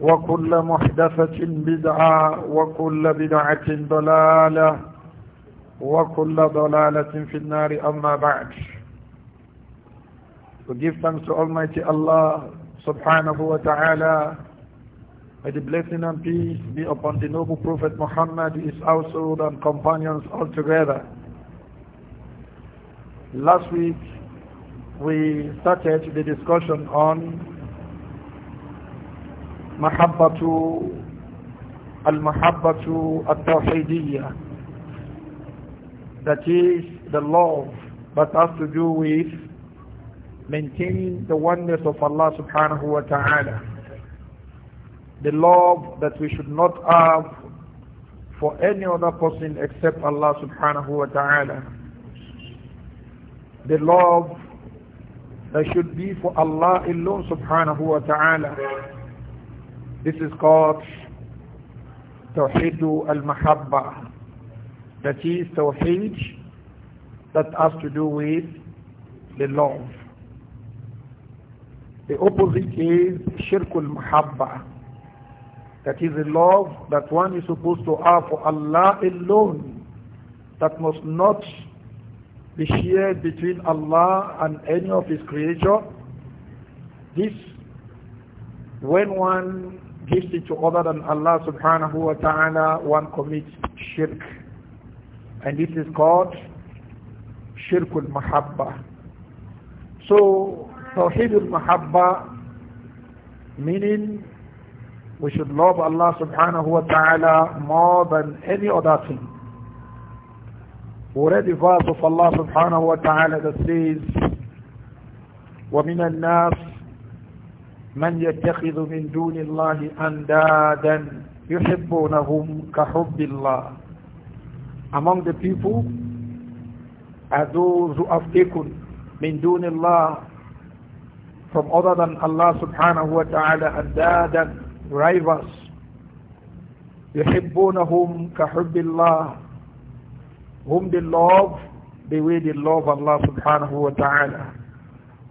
وكل محدثة بدعة وكل بدعة ضلالة وكل ضلالة في النار أما بعد We give thanks to Almighty Allah subhanahu wa ta'ala May the blessing and peace be upon the noble Prophet Muhammad, his household and companions altogether. Last week we started the discussion on محبة المحبة التوحيدية that is the love that has to do with maintaining the oneness of Allah subhanahu wa ta'ala the love that we should not have for any other person except Allah subhanahu wa ta'ala the love that should be for Allah alone subhanahu wa ta'ala this is called Tawheed al-Mahabba. That is Tawheed that has to do with the love. The opposite is Shirkul Mahabba. That is the love that one is supposed to have for Allah alone. That must not be shared between Allah and any of His creature. This, when one gives it to other than Allah subhanahu wa ta'ala, one commits shirk. And this is called shirkul mahabba. So, tawheedul mahabba, meaning we should love Allah subhanahu wa ta'ala more than any other thing. Already verse of Allah subhanahu wa ta'ala that says, وَمِنَ النَّاسِ من يتخذ من دون الله أندادا يحبونهم كحب الله Among the people are those who have taken من دون الله from other than Allah subhanahu wa ta'ala أندادا rivals يحبونهم كحب الله whom they love the way they love Allah subhanahu wa ta'ala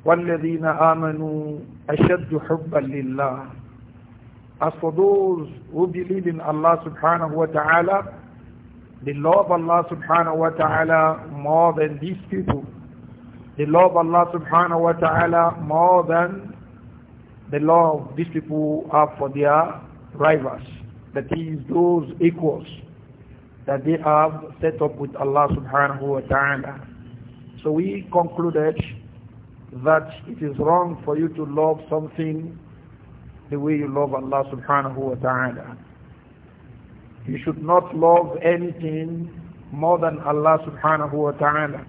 والذين آمنوا ashaddu hubban lillah. As for those who believe in Allah subhanahu wa ta'ala, they love Allah subhanahu wa ta'ala more than these people. They love Allah subhanahu wa ta'ala more than the love these people have for their rivals. That is those equals that they have set up with Allah subhanahu wa ta'ala. So we concluded that it is wrong for you to love something the way you love Allah subhanahu wa ta'ala. You should not love anything more than Allah subhanahu wa ta'ala.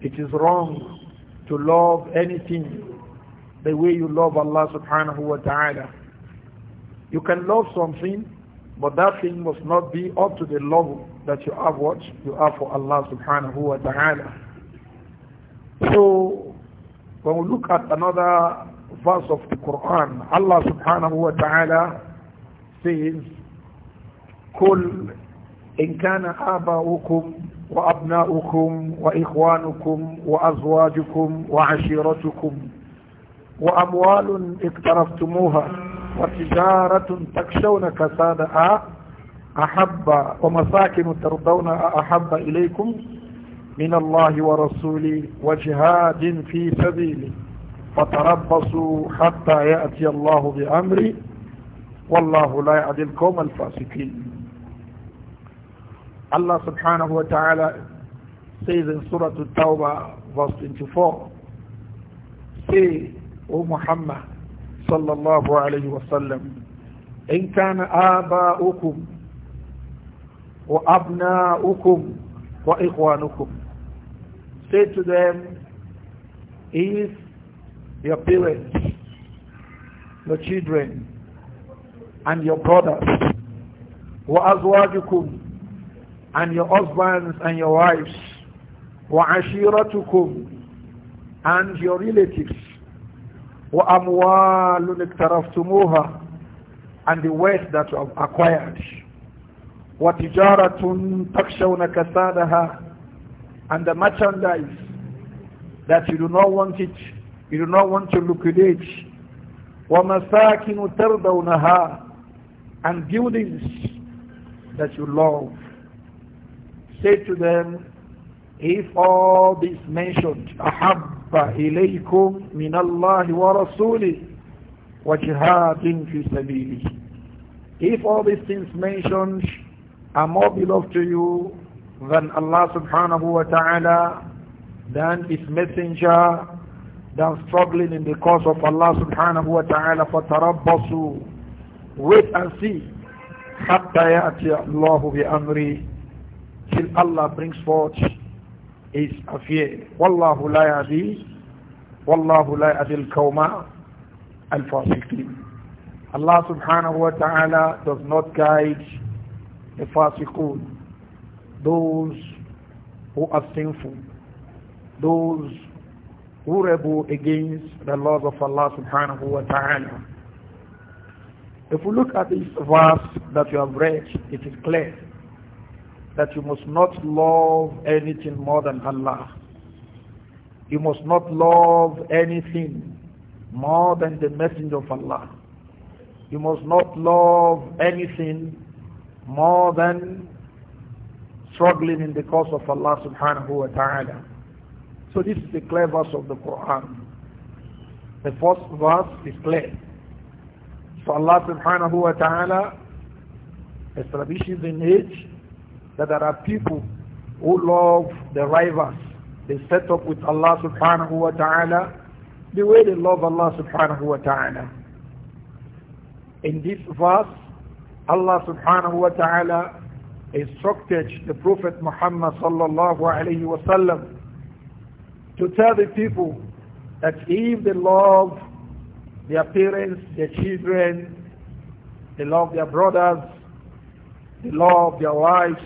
It is wrong to love anything the way you love Allah subhanahu wa ta'ala. You can love something, but that thing must not be up to the love that you have what you are for Allah subhanahu wa ta'ala. So When we look at another verse of the Quran, Allah subhanahu wa ta'ala says, قل إن كان آباؤكم وأبناؤكم وإخوانكم وأزواجكم وعشيرتكم وأموال اقترفتموها وتجارة تكشون كسادها أحب ومساكن ترضون أحب إليكم من الله ورسوله وجهاد في سبيله فتربصوا حتى يأتي الله بأمره والله لا يعدلكم القوم الفاسقين Allah سبحانه وتعالى سيد says in Surah tawbah verse 24 Say O Muhammad صلى الله عليه وسلم إن كان آباؤكم وأبناؤكم وإخوانكم say to them, is your parents, your children, and your brothers, وَأَزْوَاجُكُمْ and your husbands and your wives, وَعَشِيرَتُكُمْ and your relatives, وَأَمْوَالٌ اِكْتَرَفْتُمُوهَا and the wealth that you have acquired, وَتِجَارَةٌ تَخْشَوْنَ كَسَادَهَا and the merchandise that you do not want it, you do not want to liquidate. وَمَسَاكِنُ تَرْضَوْنَهَا And buildings that you love. Say to them, if all this mentioned, أَحَبَّ إِلَيْكُمْ مِنَ اللَّهِ وَرَسُولِهِ وَجِهَادٍ فِي سَبِيلِهِ If all these things mentioned are more beloved to you than Allah subhanahu wa ta'ala, than His messenger, than struggling in the cause of Allah subhanahu wa ta'ala for tarabbasu. Wait and see. حتى يأتي الله بأمري till Allah brings forth his affair. والله لا يهدي والله لا يهدي القوم الفاسقين. Allah subhanahu wa ta'ala does not guide the fasiqun those who are sinful, those who rebel against the laws of Allah subhanahu wa ta'ala. If we look at this verse that you have read, it is clear that you must not love anything more than Allah. You must not love anything more than the messenger of Allah. You must not love anything more than struggling in the cause of Allah subhanahu wa ta'ala. So this is the clear verse of the Quran. The first verse is clear. So Allah subhanahu wa ta'ala establishes in age that there are people who love the rivals. They set up with Allah subhanahu wa ta'ala the way they love Allah subhanahu wa ta'ala. In this verse, Allah subhanahu wa ta'ala instructed the Prophet Muhammad sallallahu alayhi wasallam to tell the people that if they love their parents, their children, they love their brothers, they love their wives,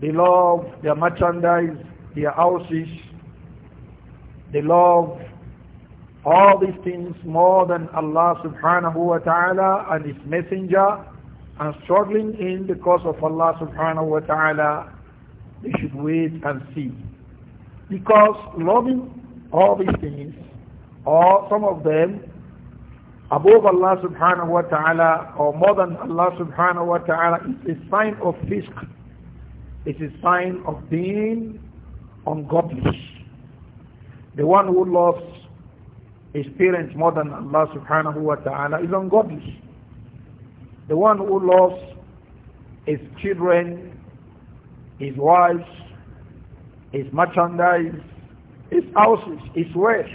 they love their merchandise, their houses, they love all these things more than Allah subhanahu wa ta'ala and His messenger, and struggling in the cause of Allah subhanahu wa ta'ala, they should wait and see. Because loving all these things, or some of them, above Allah subhanahu wa ta'ala, or more than Allah subhanahu wa ta'ala, is a sign of fisk. It's a sign of being ungodly. The one who loves his parents more than Allah subhanahu wa ta'ala is ungodly. The one who loves his children, his wives, his merchandise, his houses, his wealth.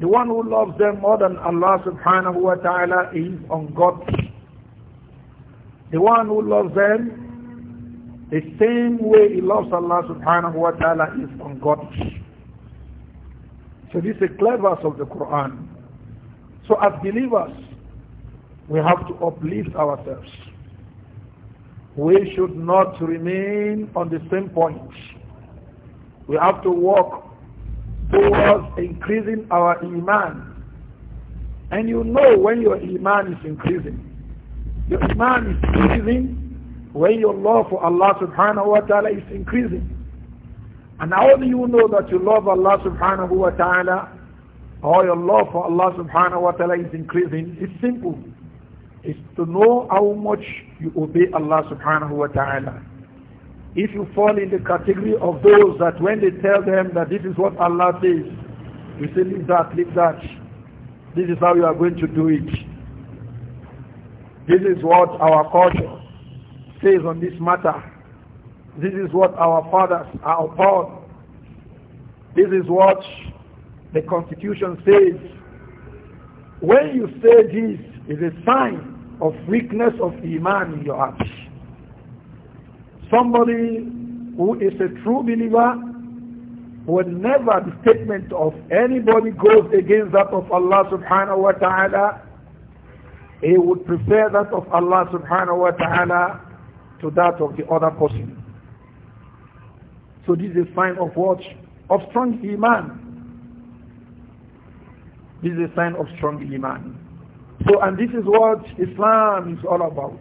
The one who loves them more than Allah subhanahu wa ta'ala is on God. The one who loves them the same way he loves Allah subhanahu wa ta'ala is on God. So this is a clever verse of the Quran. So as believers, we have to uplift ourselves. We should not remain on the same point. We have to work towards increasing our iman. And you know when your iman is increasing. Your iman is increasing when your love for Allah subhanahu wa ta'ala is increasing. And how do you know that you love Allah subhanahu wa ta'ala or your love for Allah subhanahu wa ta'ala is increasing? It's simple is to know how much you obey Allah subhanahu wa ta'ala. If you fall in the category of those that when they tell them that this is what Allah says, you say, leave that, leave that. This is how you are going to do it. This is what our culture says on this matter. This is what our fathers are upon. This is what the constitution says. When you say this, is a sign of weakness of iman in your heart. Somebody who is a true believer whenever the statement of anybody goes against that of Allah subhanahu wa ta'ala, he would prefer that of Allah subhanahu wa ta'ala to that of the other person. So this is a sign of what? Of strong iman. This is a sign of strong iman. So, and this is what Islam is all about.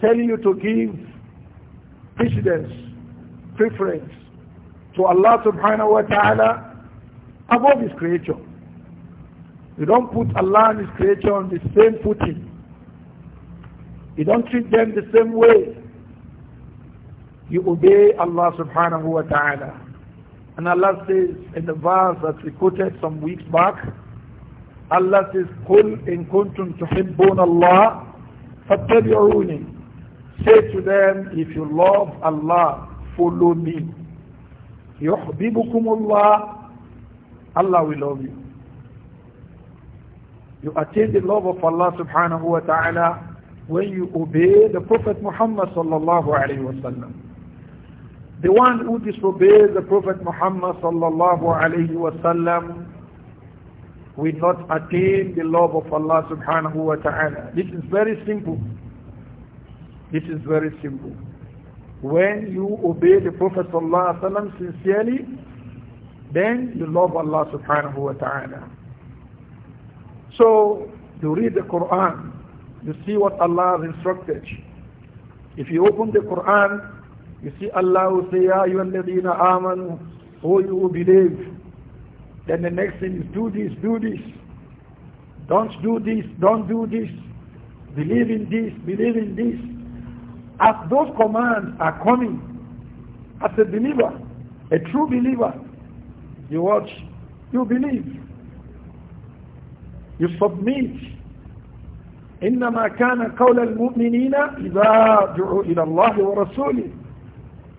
Telling you to give precedence, preference to Allah subhanahu wa ta'ala above His creation. You don't put Allah and His creation on the same footing. You don't treat them the same way. You obey Allah subhanahu wa ta'ala. And Allah says in the verse that we quoted some weeks back, Allah says, قُلْ إِن كُنْتُمْ تُحِبُّونَ اللَّهِ فَاتَّبِعُونِ Say to them, if you love Allah, follow me. يُحْبِبُكُمُ اللَّهِ Allah will love you. You attain the love of Allah subhanahu wa ta'ala when you obey the Prophet Muhammad sallallahu alayhi wa sallam. The one who disobeys the Prophet Muhammad sallallahu alayhi wa sallam will not attain the love of Allah subhanahu wa ta'ala. This is very simple. This is very simple. When you obey the Prophet sallallahu alaihi wasallam sincerely, then you love Allah subhanahu wa ta'ala. So, you read the Quran, you see what Allah has instructed. If you open the Quran, you see Allah will say, Ya O you who believe, then the next thing is do this, do this. Don't do this, don't do this. Believe in this, believe in this. As those commands are coming, as a believer, a true believer, you watch, you believe, you submit. إنما كان قول المؤمنين إذا دعوا إلى الله ورسوله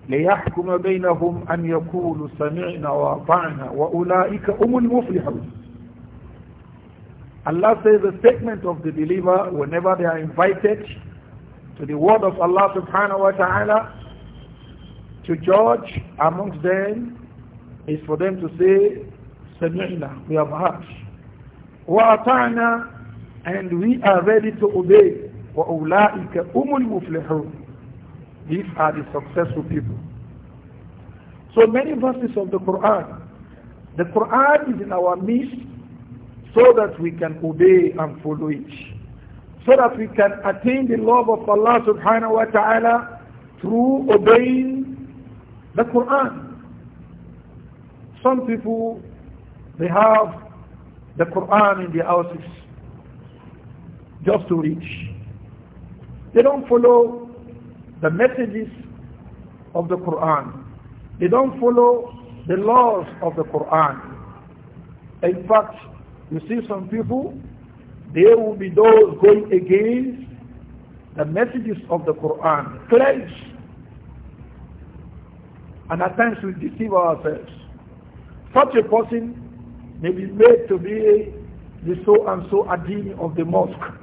ليحكم بينهم أن يقولوا سمعنا وأطعنا وأولئك أم المفلحون Allah says the statement of the believer whenever they are invited to the word of Allah subhanahu wa ta'ala to judge amongst them is for them to say سمعنا we have heard وأطعنا and we are ready to obey وأولئك أم المفلحون these are the successful people. So many verses of the Quran. The Quran is in our midst so that we can obey and follow it. So that we can attain the love of Allah subhanahu wa ta'ala through obeying the Quran. Some people, they have the Quran in their houses just to reach. They don't follow the messages of the Quran. They don't follow the laws of the Quran. In fact, you see some people, there will be those going against the messages of the Quran, clash, and at times we deceive ourselves. Such a person may be made to be the so and so adini of the mosque.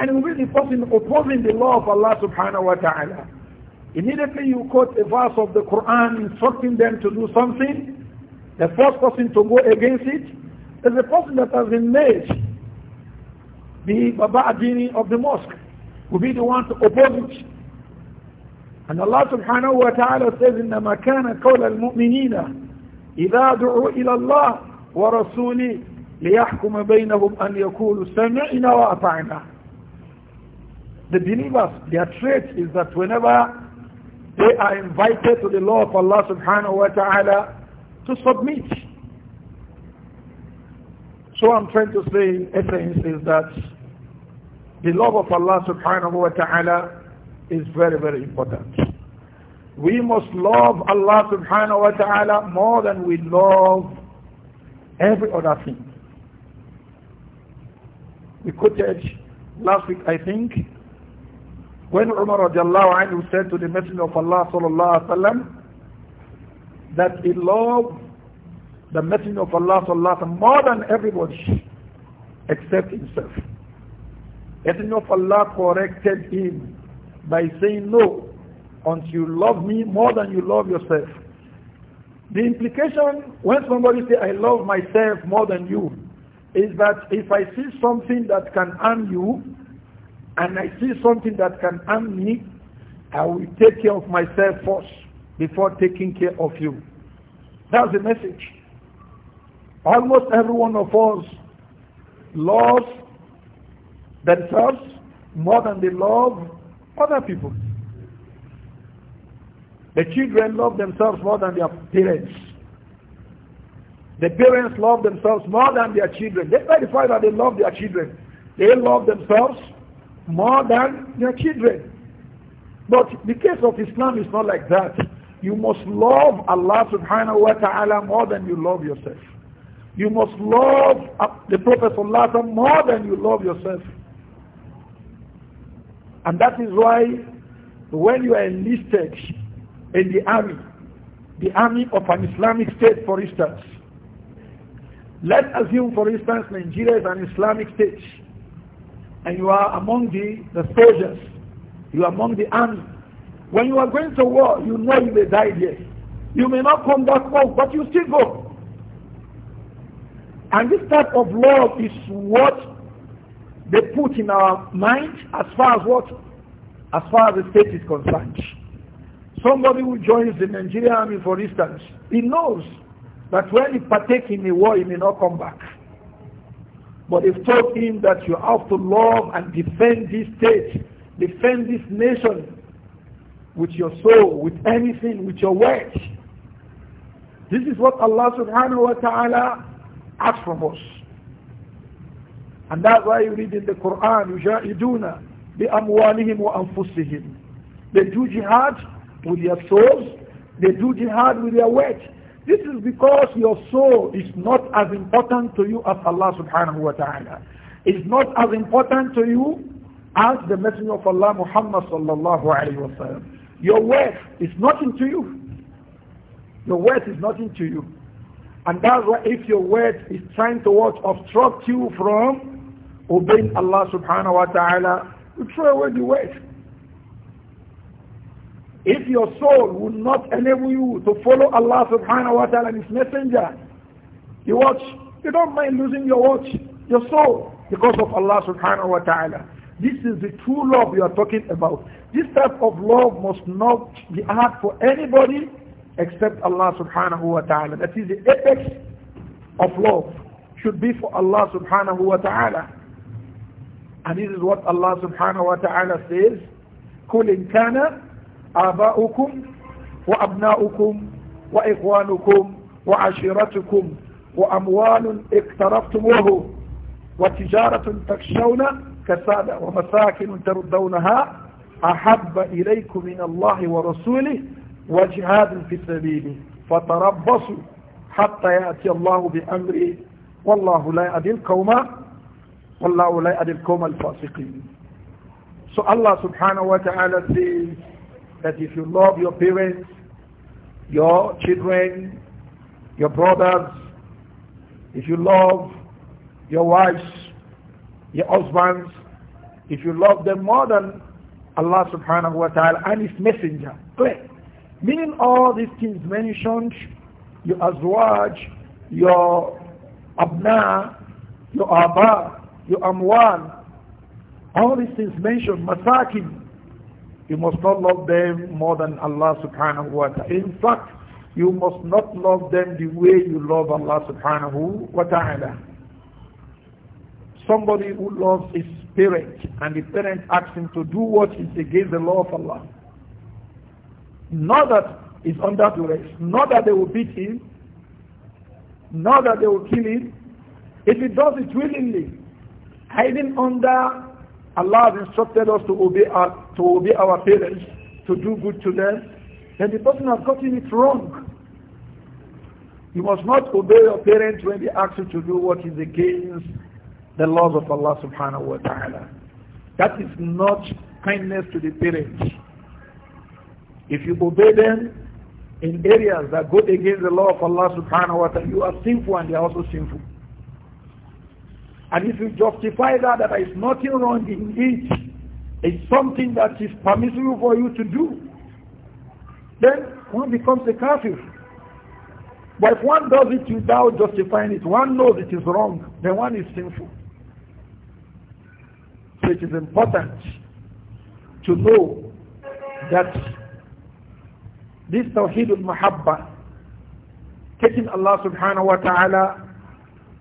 and you will be the opposing the law of Allah subhanahu wa ta'ala. Immediately you quote a verse of the Quran instructing them to do something, the first person to go against it is the person that has been made the Baba Adini of the mosque, who be the one to oppose it. And Allah subhanahu wa ta'ala says, إِنَّمَا كَانَ قَوْلَ الْمُؤْمِنِينَ إِذَا دُعُوا إِلَى اللَّهِ وَرَسُولِهِ لِيَحْكُمَ بَيْنَهُمْ أَنْ يَكُولُوا سَمِعْنَا وَأَطَعْنَا The believers, their trait is that whenever they are invited to the law of Allah subhanahu wa ta'ala to submit. So I'm trying to say essence is that the love of Allah subhanahu wa ta'ala is very, very important. We must love Allah subhanahu wa ta'ala more than we love every other thing. We quoted last week, I think, when Umar radiallahu anhu said to the Messenger of Allah sallallahu alaihi wasallam that he loved the Messenger of Allah sallallahu more than everybody except himself. Messenger of Allah corrected him by saying no until you love me more than you love yourself. The implication when somebody say I love myself more than you is that if I see something that can harm you, and I see something that can harm me, I will take care of myself first before taking care of you. That's the message. Almost every one of us loves themselves more than they love other people. The children love themselves more than their parents. The parents love themselves more than their children. try to find that they love their children, they love themselves more than your children. But the case of Islam is not like that. You must love Allah subhanahu wa ta'ala more than you love yourself. You must love the Prophet Allah more than you love yourself. And that is why when you are enlisted in the army, the army of an Islamic state for instance, let's assume for instance Nigeria is an Islamic state and you are among the, the soldiers, you are among the army. When you are going to war, you know you may die there. You may not come back home, but you still go. And this type of love is what they put in our mind as far as what? As far as the state is concerned. Somebody who joins the Nigerian army, for instance, he knows that when he partakes in a war, he may not come back. But they've told him that you have to love and defend this state, defend this nation with your soul, with anything, with your words. This is what Allah subhanahu wa ta'ala asks from us. And that's why you read in the Quran, يُجَاهِدُونَ بِأَمْوَالِهِمْ وَأَنفُسِهِمْ They do jihad with their souls, they do jihad with their words. This is because your soul is not as important to you as Allah subhanahu wa ta'ala. It's not as important to you as the Messenger of Allah Muhammad sallallahu alayhi wa sallam. Your wealth is nothing to you. Your wealth is nothing to you. And that's why if your wealth is trying to what, obstruct you from obeying Allah subhanahu wa ta'ala, you throw away the wealth. If your soul will not enable you to follow Allah subhanahu wa ta'ala and His Messenger, you watch, you don't mind losing your watch, your soul, because of Allah subhanahu wa ta'ala. This is the true love you are talking about. This type of love must not be hard for anybody except Allah subhanahu wa ta'ala. That is the apex of love should be for Allah subhanahu wa ta'ala. And this is what Allah subhanahu wa ta'ala says, قُلْ إِنْ كَانَ آباؤكم وأبناؤكم وإخوانكم وعشيرتكم وأموال اقترفتموه وتجارة تخشون كسادة ومساكن تردونها أحب إليكم من الله ورسوله وجهاد في سبيله فتربصوا حتى يأتي الله بأمره والله لا يأدي القوم والله لا يأدي القوم الفاسقين سؤال الله سبحانه وتعالى that if you love your parents, your children, your brothers, if you love your wives, your husbands, if you love them more than Allah subhanahu wa ta'ala and His messenger. Clear. Meaning all these things mentioned, your azwaj, your abna, your abba, your amwal, all these things mentioned, masakin, you must not love them more than Allah subhanahu wa ta'ala. In fact, you must not love them the way you love Allah subhanahu wa ta'ala. Somebody who loves his parent and the parent asks him to do what is against the law of Allah. Not that he's under duress, not that they will beat him, not that they will kill him. If he does it willingly, hiding under Allah has instructed us to obey our, to obey our parents, to do good to them, then the person has gotten it wrong. You must not obey your parents when they ask you to do what is against the laws of Allah subhanahu wa ta'ala. That is not kindness to the parents. If you obey them in areas that go against the law of Allah subhanahu wa ta'ala, you are sinful and they are also sinful. And if you justify that, that there is nothing wrong in it, it's something that is permissible for you to do, then one becomes a kafir. But if one does it without justifying it, one knows it is wrong, then one is sinful. So it is important to know that this Tawheedul Mahabba, taking Allah subhanahu wa ta'ala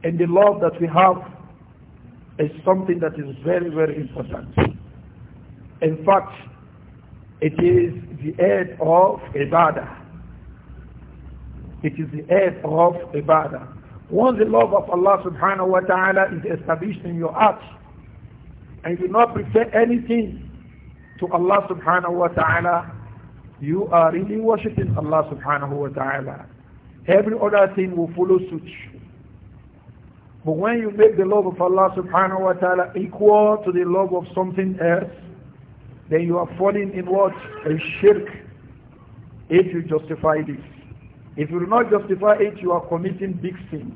and the love that we have is something that is very, very important. In fact, it is the head of Ibadah. It is the head of Ibadah. Once the love of Allah subhanahu wa ta'ala is established in your heart, and you do not prefer anything to Allah subhanahu wa ta'ala, you are really worshipping Allah subhanahu wa ta'ala. Every other thing will follow suit. But when you make the love of Allah subhanahu wa ta'ala equal to the love of something else, then you are falling in what? A shirk. If you justify this. If you do not justify it, you are committing big sin.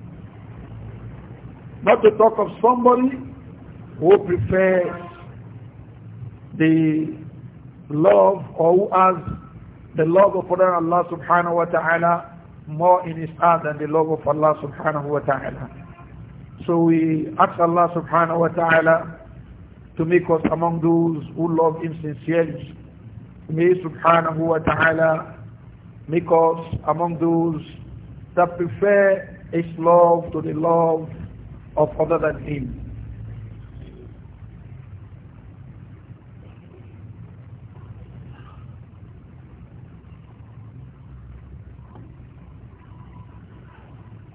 Not to talk of somebody who prefers the love or who has the love of Allah subhanahu wa ta'ala more in his heart than the love of Allah subhanahu wa ta'ala. So we ask Allah subhanahu wa ta'ala to make us among those who love Him sincerely. May subhanahu wa ta'ala make us among those that prefer His love to the love of other than Him.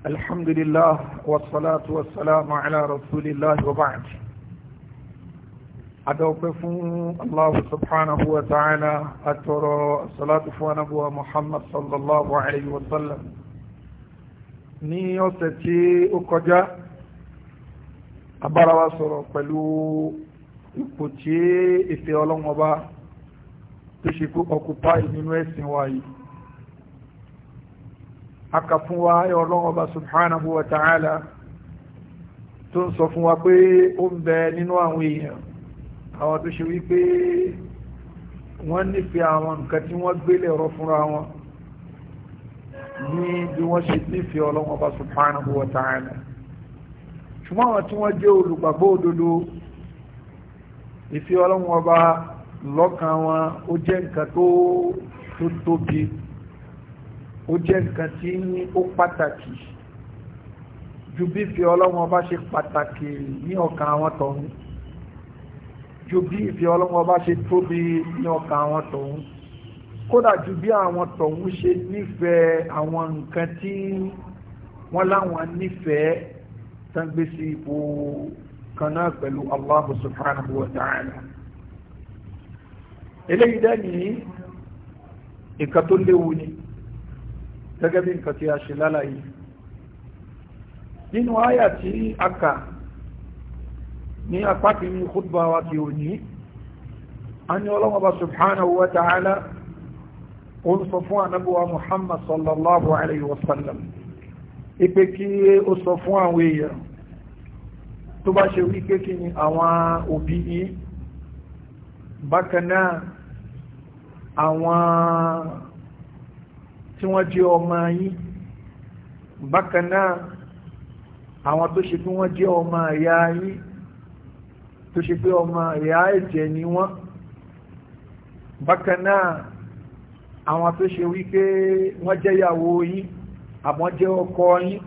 الحمد لله والصلاة والسلام على رسول الله وبعد أدوقف الله سبحانه وتعالى أترى الصلاة فنبوة محمد صلى الله عليه وسلم ní ọ̀sẹ̀ tí ó kọjá abára wa sọ̀rọ̀ pẹ̀lú ipò tí ìfẹ́ ọlọ́wọ́n bá tó aka fún wa ayọ̀ ọlọ́run ọba subhanahu wa ta'ala tó ń sọ fún wa pé ó ń bẹ nínú àwọn èèyàn àwọn tó ṣe wípé wọ́n nífẹ̀ẹ́ àwọn nǹkan tí wọ́n gbélé ọ̀rọ̀ fúnra wọn ní bí wọ́n ṣe nífẹ̀ẹ́ ọlọ́run ọba subhanahu wa ta'ala ṣùgbọ́n àwọn tí wọ́n jẹ́ olùgbàgbọ́ òdodo ìfẹ́ ọlọ́run ọba lọ́kàn wọn ó jẹ́ nǹkan tó tóbi. To, ó jẹ́ nǹkan tí ó pàtàkì ju bí fi ọlọ́run ọba ṣe pàtàkì ní ọkàn àwọn tọ̀hún ju bí fi ọlọ́run ọba ṣe tóbi ní ọkàn àwọn tọ̀hún kódà ju bí àwọn tọ̀hún ṣe nífẹ̀ẹ́ àwọn nǹkan tí wọ́n láwọn nífẹ̀ẹ́ tán ipò kan náà pẹ̀lú Allah subhanahu wa ta'ala eléyìí dẹ́ni nǹkan léwu ni gẹ́gẹ́ bí nǹkan tí a ṣe lálàyé nínú àyà tí a kà ní apá kìíní khutba wa ti ò ní a ní ọlọ́mọba subhanahu wa ta'ala ó ń sọ fún anábíwa muhammad sallallahu alayhi wa sallam ipe kí ó sọ fún àwọn èèyàn tó bá ṣe wípé kí ni àwọn òbí yìí bákan àwọn tí wọ́n jẹ́ ọmọ yín bákan náà àwọn tó ṣe pé wọ́n jẹ́ ọmọ ìyá yín tó ṣe pé ọmọ ìyá ẹ̀jẹ̀ ni wọ́n bákan náà àwọn tó ṣe wípé wọ́n jẹ́ ìyàwó yín àmọ́ jẹ́ ọkọ yín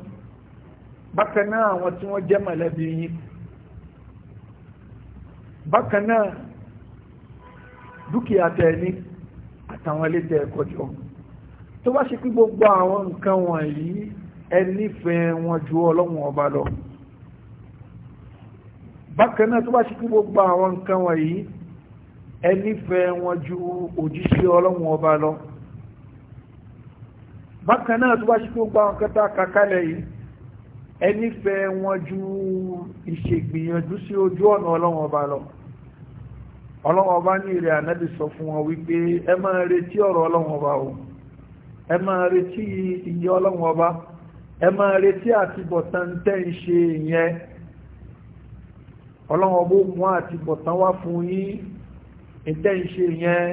bákan àwọn tí wọ́n jẹ́ mọ̀lẹ́bí yín bákan dúkìá tẹ̀ ní àtàwọn ilé tẹ̀ ẹ̀kọ́ jọ tó bá ṣe pé gbogbo àwọn nǹkan wọ̀nyí ẹ nífẹ̀ẹ́ wọn ju ọlọ́run ọba lọ bákan náà tó bá ṣe pé gbogbo àwọn nǹkan wọ̀nyí ẹ nífẹ̀ẹ́ wọn ju òjíṣẹ́ ọlọ́run ọba lọ bákan náà tó bá ṣe pé gbogbo àwọn nǹkan tá a kà kalẹ̀ yìí ẹ wọn ju ìṣègbìyànjú sí ojú ọ̀nà ọlọ́run ọba lọ ọlọ́run ọba ní ìrẹ̀ ànábì sọ fún wọn wípé ẹ máa retí ọ̀rọ̀ ọlọ́run ọba o ẹ máa retí iye ọlọ́run ọba ẹ máa retí àti bọ̀tán tẹ́ ń ṣe ìyẹn ọlọ́run ọba ó mú àti bọ̀tán wá fún yín tẹ́ ń ṣe ìyẹn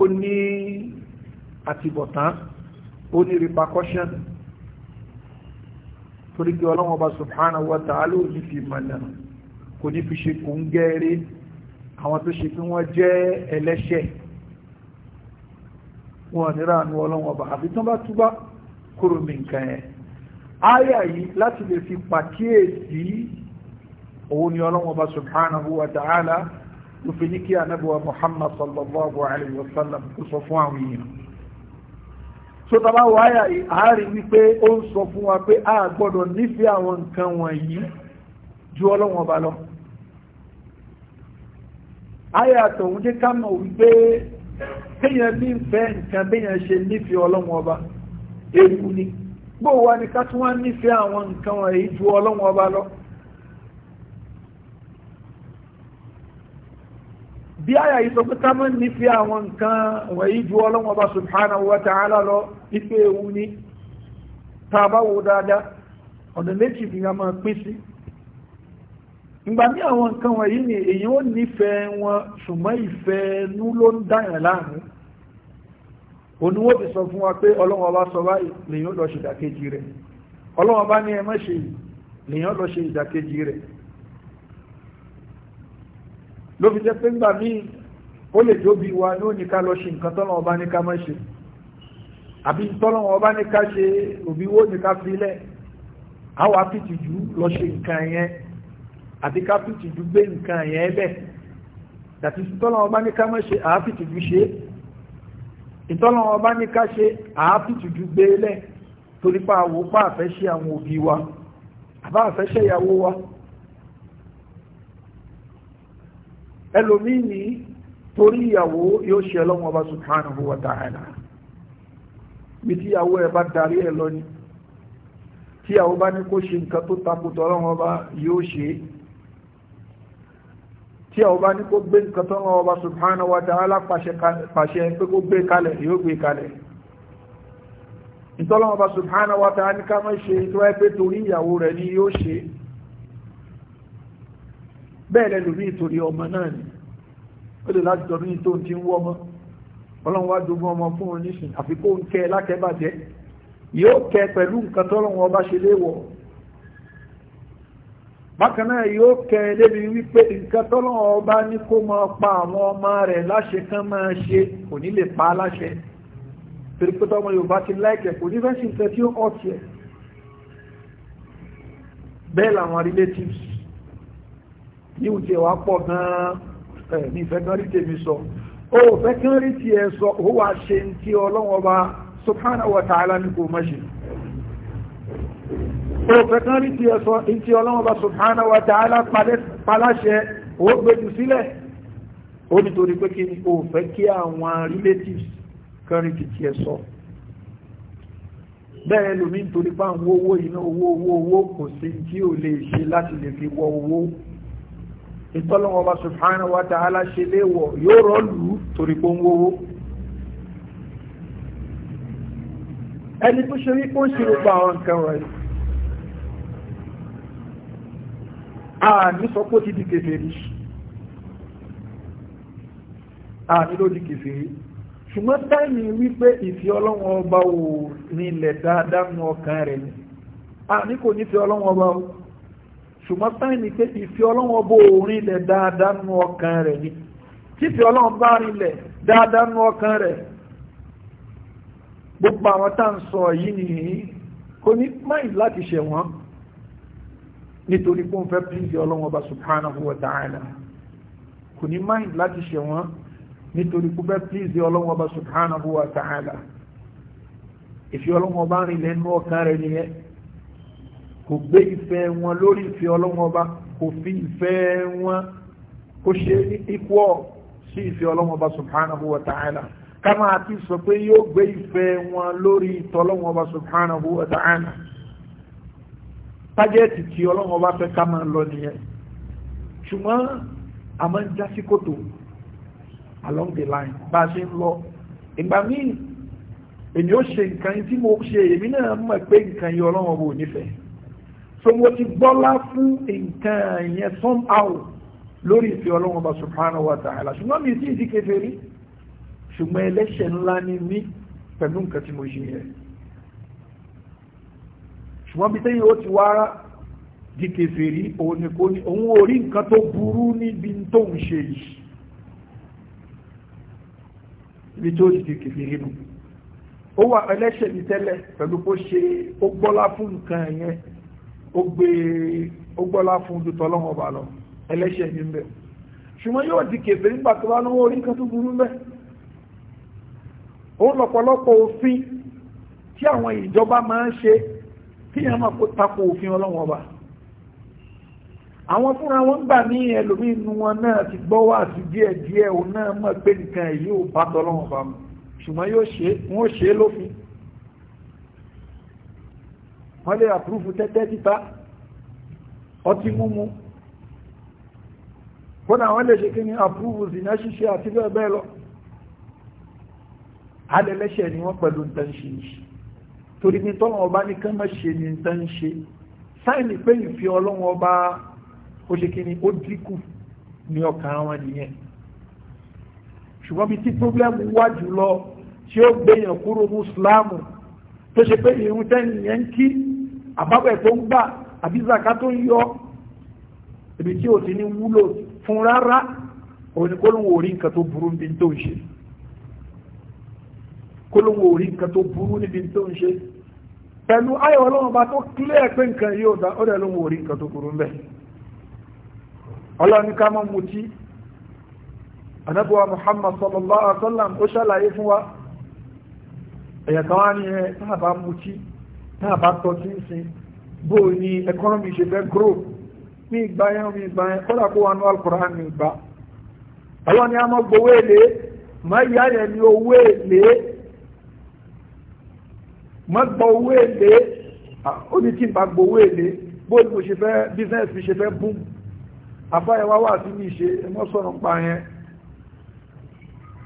ó ní àti bọ̀tán ó ní repercussion torí pé ọlọ́run ọba subhanahu wa ta'ala ò ní fi mọ̀nà kò ní fi ṣe kò ń gẹ́rẹ́ àwọn tó ṣe pé wọ́n jẹ́ ẹlẹ́ṣẹ̀ẹ́ wọn nira àánú ọlọ́wọ́n bá àbí tán bá túbá kúrò mí nǹkan yẹn áyà yìí láti lè fi pàkíyèsí òun ni ọlọ́wọ́n bá subhanahu wa ta'ala ló fi ní kí anábíwá muhammad sallallahu alayhi wa sallam kó sọ fún àwọn èèyàn so tàbá wọ áyà yìí àárín wípé ó ń sọ fún wa pé a gbọ́dọ̀ nífẹ̀ẹ́ àwọn nǹkan wọ̀nyí ju ọlọ́wọ́n bá lọ áyà tòun jẹ́ ká mọ̀ wípé kéèyàn ní fẹ́ nǹkan béèyàn ṣe nífẹ̀ẹ́ ọlọ́wọ́n ọba ewu ni bó wa tụwa ká tún wá nífẹ̀ẹ́ àwọn nǹkan wọ̀nyí lọ. bí àyà yìí sọ pé mọ́ nífẹ̀ẹ́ àwọn nǹkan wọ̀nyí ju ọlọ́wọ́n ọba wa lọ ife ewu ni tá dada wo dáadáa ọ̀nà méjì ni a máa pín ìgbà ní àwọn nǹkan wọ̀nyí ni èyí ó nífẹ̀ẹ́ wọn ṣùgbọ́n ìfẹ́ nú ló ń dáyàn láàmú oníwó ti sọ fún wa pé ọlọ́wọ́n ọba sọ báyìí lèyìn lọ ṣe ìdàkejì rẹ̀ ọlọ́wọ́n bá ní ẹ má ṣe lèyìn lọ ṣe ìdàkejì rẹ̀ ló fi jẹ́ pé ńgbà míì ó lè tóbi wa ní òní ká lọ ṣe nǹkan tọ́lọ́wọ́n ọba ní ká má ṣe àbí tọ́lọ́wọ́n ọba ní ká ṣe òbí wo ní ká filẹ̀ àwọn afitìjú lọ ṣe nǹkan yẹn àti ká fìtìjú gbé nǹkan yẹn lẹ̀ tàbí tọ́lọ́wọ́ bá ní ká mọ́ ṣe àáfìtìjú ṣe ìtọ́lọ́wọ́ bá ní ká ṣe àáfìtìjú gbé lẹ̀ torí pa àwò pa àfẹ́ ṣe àwọn òbí wa àbá àfẹ́ ṣe ìyàwó wa ẹlòmíì ní torí ìyàwó yóò ṣe ọlọ́wọ́ ọba subhanahu wa ta'ala bí tí ẹ bá darí ẹ lọ ni tí bá ní kó ṣe nǹkan tó takùtọ̀ ọlọ́wọ́ ọba yóò ṣe é tí a ọba ní kó gbé nǹkan tó ń ọba subhanahu wa ta'ala pàṣẹ pé kó gbé kalẹ̀ yóò gbé kalẹ̀ ìtọ́lọ́ ọba subhanahu wa ta'ala ní ká mọ́ ṣe tó wáyé pé torí ìyàwó rẹ̀ ni yóò ṣe bẹ́ẹ̀ lẹ́nu ní ìtòrí ọmọ náà ni ó lè láti tọ́ ní tó ti ń wọ́ ọlọ́run wá jogún ọmọ fún oníṣìn àfikún kẹ́ lákẹ́bàjẹ́ yóò kẹ́ pẹ̀lú nǹkan tọ́lọ́run ọba ṣe léwọ̀ọ́ bákan náà yóò kẹ lébi wípé nǹkan tọ́lọ́wọ́ ọba ní kó máa pa àwọn ọmọ rẹ̀ láṣẹ kán máa ṣe kò ní lè pa á láṣẹ torí pé tọ́mọ yorùbá ti láìkẹ̀ kò ní fẹ́ sí nǹkan tí ó hàn tiẹ̀ bẹ́ẹ̀ làwọn relatives yíò tí wà pọ̀ gan-an ní ìfẹ́ kan rí tèmi sọ ó fẹ́ kán rí tiẹ̀ sọ ó wà ṣe ti ọlọ́wọ́ ọba subhanahu wa ta'ala ní kò mọ́ ṣe òfẹ́ kan rí ti ẹ̀sọ́ ìtí ọlọ́wọ́ba subhanahu wa ta'ala paláṣẹ ó gbèjù sílẹ̀ ó nítorí pé kí ni òfẹ́ kí àwọn relatives kan rí ti ti ẹ̀sọ́ bẹ́ẹ̀ lómi nítorí pá ń wówó iná owó owó owó kò sí tí ò lè ṣe láti lè fi wọ owó ìtọ́lọ́wọ́ba subhanahu wa ta'ala ṣe léwọ̀ yóò rọ́ọ̀lù torí pé ń wówó ẹni tó ṣe wípé ó ń ṣe gbogbo àwọn nǹkan wọ̀nyí àní sọ pé ó ti di kèfèrí àní ló di kèfèrí ṣùgbọ́n táìmì wípé ìfi ọlọ́wọ́n ọba ò nílẹ̀ dáadáa nu ọkàn rẹ̀ ni àní kò ní fi ọlọ́wọ́n ọba ò ṣùgbọ́n táìmì pé ìfi ọlọ́wọ́n ọba ò nílẹ̀ dáadáa nu ọkàn rẹ̀ ni títí ọlọ́run bá rinlẹ̀ dáadáa nú ọkàn rẹ̀ gbogbo àwọn tá ń sọ yìí nìyí kò ní máì láti ṣẹ̀ nítorí pé ń fẹ́ pílìsì ọlọ́wọ́n ọba subhanahu wa ta'ala kò ní mind láti ṣe wọ́n nítorí pé fẹ́ pílìsì ọlọ́wọ́n ọba subhanahu wa ta'ala ìfi ọlọ́wọ́n ọba rìn lẹ́nu ọkàn rẹ̀ nìyẹn kò gbé ìfẹ́ wọn lórí ìfẹ́ ọlọ́wọ́n ọba kò fi ìfẹ́ wọn kò ṣe equal sí ìfẹ́ ọlọ́wọ́n ọba subhanahu wa ta'ala ká máa ti sọ pé yóò gbé ìfẹ́ wọn lórí ìtọ́lọ́wọ́n ọba subhanahu wa ta'ala tájẹ́ẹ̀tì tí ọlọ́run ọba fẹ́ ká máa lọ nìyẹn ṣùgbọ́n a máa ń já sí kòtò along the line bá a ṣe ń lọ ìgbà míì èmi ó ṣe nǹkan tí mo ṣe èmi náà mọ̀ pé nǹkan yìí ọlọ́run ọba ò nífẹ̀ẹ́ so mo ti gbọ́lá fún nǹkan yẹn somehow lórí ìfẹ́ ọlọ́run ọba subhanahu wa ta'ala ṣùgbọ́n mi ti ìdí kèfèrí ṣùgbọ́n ẹlẹ́ṣẹ̀ ńlá ni mí pẹ̀lú nǹkan tí mo ṣe yẹn ṣùgbọ́n bí tẹ́yìn ó ti wá di kèfèrí òun ni kò ní òun ò rí nǹkan tó burú níbi tó ń ṣe yìí ibi tó ti di kèfèrí nù ó wà ẹlẹ́ṣẹ̀ ní tẹ́lẹ̀ pẹ̀lú kó ṣe ó gbọ́lá fún nǹkan yẹn ó gbé ó gbọ́lá fún ojú tọ́lọ́wọ́ bá lọ ẹlẹ́ṣẹ̀ ní bẹ́ẹ̀ ṣùgbọ́n yóò di kèfèrí nígbà tó bá lówó orí nǹkan tó burú bẹ́ẹ̀ ó lọ̀pọ̀lọpọ̀ òfin tí àwọn ìjọba máa ń ṣe kí yẹn máa kó tako òfin ọlọ́wọ́n ọba àwọn fúnra wọn gbà ní ẹlòmí inú wọn náà ti gbọ́ wá sí díẹ̀ díẹ̀ òun náà mọ̀ pé nǹkan èyí ò bá tọ́lọ́wọ́n ọba mu ṣùgbọ́n yóò ṣe wọ́n ṣe lófin wọ́n lè àpúrúfù tẹ́tẹ́ títa ọtí múmu kódà wọ́n lè ṣe kí ni àpúrúfù zìnà ṣíṣe àti bẹ́ẹ̀ bẹ́ẹ̀ lọ adẹ́lẹ́ṣẹ̀ ni wọ́n pẹ̀lú nǹkan torí ní tọ́lọ́wọ́ bá ní kán mọ́ ṣe ní tán ṣe sáìnì pé ìfi ọlọ́wọ́ bá ó ṣe kíni ó dínkù ní ọkàn wọn nìyẹn ṣùgbọ́n bí tí pọ́blẹ́mù wá jùlọ tí ó gbéyàn kúrò mùsùlámù tó ṣe pé ìrún tẹ́yìn yẹn ń kí àbábẹ̀ tó ń gbà àbí zaka tó ń yọ ibi tí ò ti ní wúlò fún rárá òun ni kólóhùn orí nǹkan tó burú níbi tó ń ṣe kólóhùn orí nǹkan tó burú níbi tó ń ṣe pẹ̀lú ayọ̀ ọlọ́run ọba tó kílé ẹ̀ pé nǹkan yóò dá ọ̀rẹ́ ló nǹkan tó burú ń ọlọ́run ká mọ́ mutí anábọ̀wá muhammad sallallahu alaihi ó ṣàlàyé fún wa ẹ̀yà kan wá ní ẹ táà bá mutí táà bá tọ́ sí ń sin bó ẹkọ́nọ́mì ṣe fẹ́ gúrò ní ìgbà yẹn ní ìgbà yẹn kọ́dà kó ní ìgbà ọlọ́run ni a mọ́ má gbọ́ owó èlé ó ní tí n bá gbọ́ owó èlé bó ni mo ṣe fẹ́ business mi ṣe fẹ́ boom àbáyẹwà wà sí ní ṣe ẹmọ́ sọ̀rọ̀ pa yẹn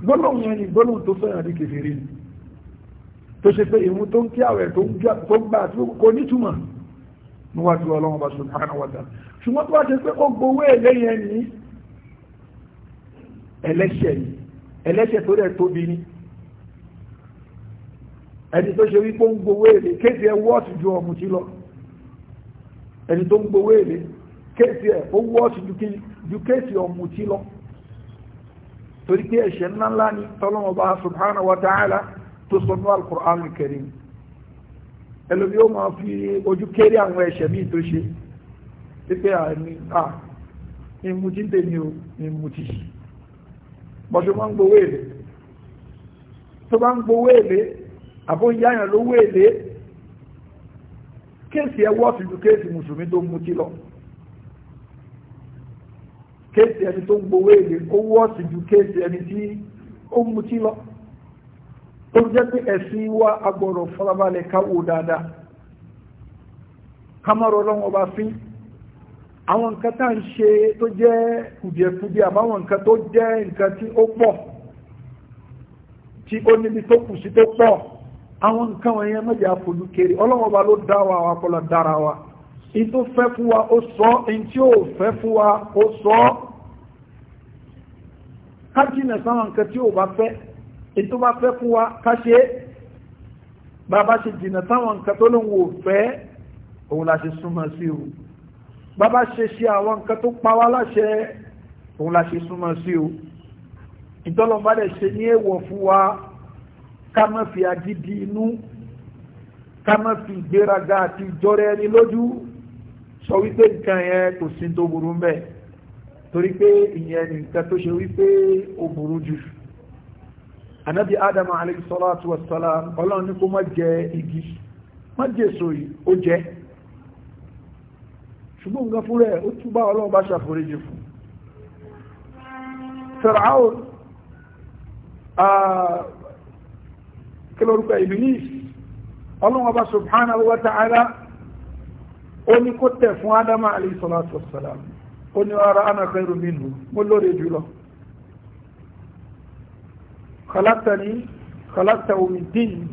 gbólóhùn yẹn ni gbólóhùn tó sọ̀rọ̀ ní kèfèrè ni tó ṣe pé ìwọ̀n tó ń kí àwẹ̀ tó ń gbà tí kò nítumọ̀ níwájú ọlọ́run bá subhanahu wa ta'ala ṣùgbọ́n tó wá ṣe pé ó gbowó èlé yẹn ní ẹlẹ́ṣẹ̀ ni ẹlẹ́ṣẹ̀ tó rẹ̀ tóbi ni ẹni tó ṣe wípé ó ń gbowó èlé kéèsì ẹ wọ́ọ̀tì ju ọ̀mùtí lọ ẹni tó ń gbowó èlé kéèsì ẹ ó wọ́ọ̀tì ju kéèsì ọ̀mùtí lọ torí pé ẹ̀ṣẹ̀ ńláńlá ni tọ́lọ́mọ bá subhanahu wa ta'ala tó sọ ní al-Qur'an al-Karim ẹlòmí ó máa fi ojú kéré àwọn ẹ̀ṣẹ̀ míì tó ṣe pípẹ́ àmì à ìmùtí ń tèmi o ìmùtí bọ́sùn máa ń gbowó èlé tó bá ń gbowó èlé àbó yáyàn lówó èlé kéèsì ẹ wọ́ọ̀tì ju kéèsì mùsùlùmí tó ń mutí lọ kéèsì ẹni tó ń gbowó èlé ó wọ́ọ̀tì ju kéèsì ẹni tí ó ń mutí lọ tó jẹ́ pé ẹ̀sìn wa agbọ̀rọ̀ farabalẹ̀ káwò dáadáa kámọ́rọ̀ lọ́wọ́ bá fín àwọn nǹkan tá ń ṣe tó jẹ́ kùdìẹ̀kùdìẹ̀ àbáwọn nǹkan tó jẹ́ nǹkan tí ó pọ̀ tí ó níbi tó kù sí tó pọ̀ àwọn nǹkan wọ̀nyẹn mẹ́jẹ̀ àfojú kéré ọlọ́wọ́ba ló dá wa wa kọ́lọ̀ dára wa in tó fẹ́ fún wa ó sọ in tí ó fẹ́ fún wa ó sọ ká jìnà sáwọn nǹkan tí ó bá fẹ́ in tó bá fẹ́ fún wa ká bàbá ṣe jìnà sáwọn nǹkan tó lóun ò fẹ́ òun la ṣe súnmọ́ sí o bàbá ṣe ṣe àwọn nǹkan tó pa wá láṣẹ òun la ṣe súnmọ́ sí o ìtọ́lọ́mbá dẹ̀ ṣe ní èèwọ̀ fún wa ká má fi agídí inú ká má fi ìgbéraga àti ìjọra ẹni lójú sọ wípé nǹkan yẹn kò sí tó burú mẹ́ torí pé ìyẹn nìkan tó ṣe wípé ó burú jù anabi adam alayhi salatu wa salam ọlọ́run ní kó má jẹ igi má jẹ èso yìí ó jẹ ṣùgbọ́n nǹkan fúnra ẹ̀ ó túbá ọlọ́run bá ṣàforíjì fún Fir'aun ah, kí lórúkọ Iblis ọlọ́wọ́n bá subhanahu wa ta'ala ó ní kó tẹ̀ fún adama alayhi salatu wassalam ó ní ara ana khairu minhu mo lóore jùlọ khalaqtani khalaqtahu min tin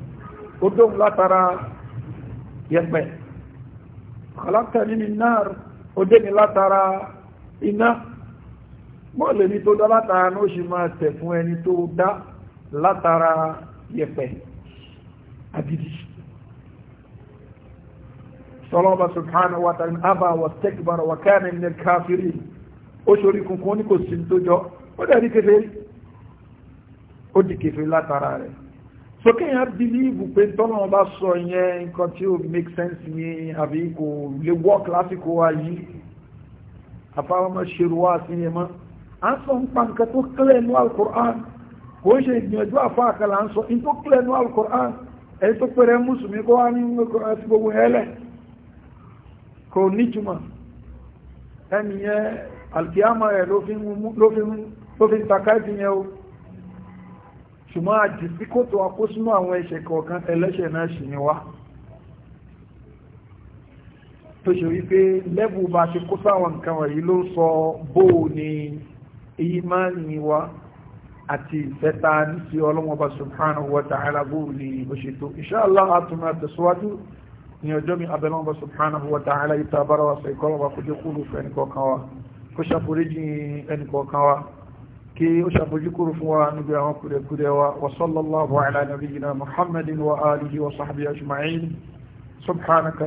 ó dóhùn látara yẹgbẹ́ khalaqtani min nar ó dé mi látara iná bọ́ọ̀lù ẹni tó dá látara ní ó máa tẹ̀ fún ẹni tó dá látara yẹpẹ̀ agidi sọlọ́ba subhanahu wa ta'ala aba wa stekbara wa kana min al-kafiri ó ṣorí kunkun ní kò sí tó jọ ó dẹ̀rí kèfèrí ó di kèfèrí látara rẹ̀ sókè yẹn bílíìbù pé tọ́nà bá sọ yẹn nǹkan tí ó make sense ní àbí kò lè work lásìkò wa yìí àfáwọn ṣerú wá sí yẹn mọ́ à ń sọ nǹkan tó clear ní al kò ń ṣe ìgbìyànjú àfáàkàlà à ń sọ in tó clear ní al èyí tó pẹ̀rẹ̀ mùsùlùmí kó wá ní ẹsì gbogbo ẹlẹ̀ kò níjùmọ̀ ẹnìyẹn alkiyama rẹ̀ ló fi ń takáìtì yẹn o ṣùgbọ́n àjì sí kò tó akó sínú àwọn ẹ̀ṣẹ̀ kọ̀ọ̀kan ẹlẹ́ṣẹ̀ náà ṣì ní wá tó ṣe wípé lẹ́bù bá ṣe kó sáwọn nǹkan wọ̀nyí ló ń sọ bóò ni èyí máa ń ní wá àti ìfẹ́ta ní sí ọlọ́mọba subhanahu wa ta'ala bóò ní ìbòṣètò inṣáàlá àtúnmọ̀ àtẹ̀síwájú ní ọjọ́ mi abẹ́lọ́mọba subhanahu wa ta'ala ìta bára wa sọ ìkọlọ́mọba kò jẹ́ kúrò fún ẹnìkọ̀ọ̀kan wa kó ṣàforíjì ẹnìkọ̀ọ̀kan wa kí ó ṣàfojú kúrò fún wa níbi àwọn kúrẹ̀kúrẹ̀ wa wa sallallahu ala nabiyyina muhammadin wa alihi wa sahbihi ajma'in subhanaka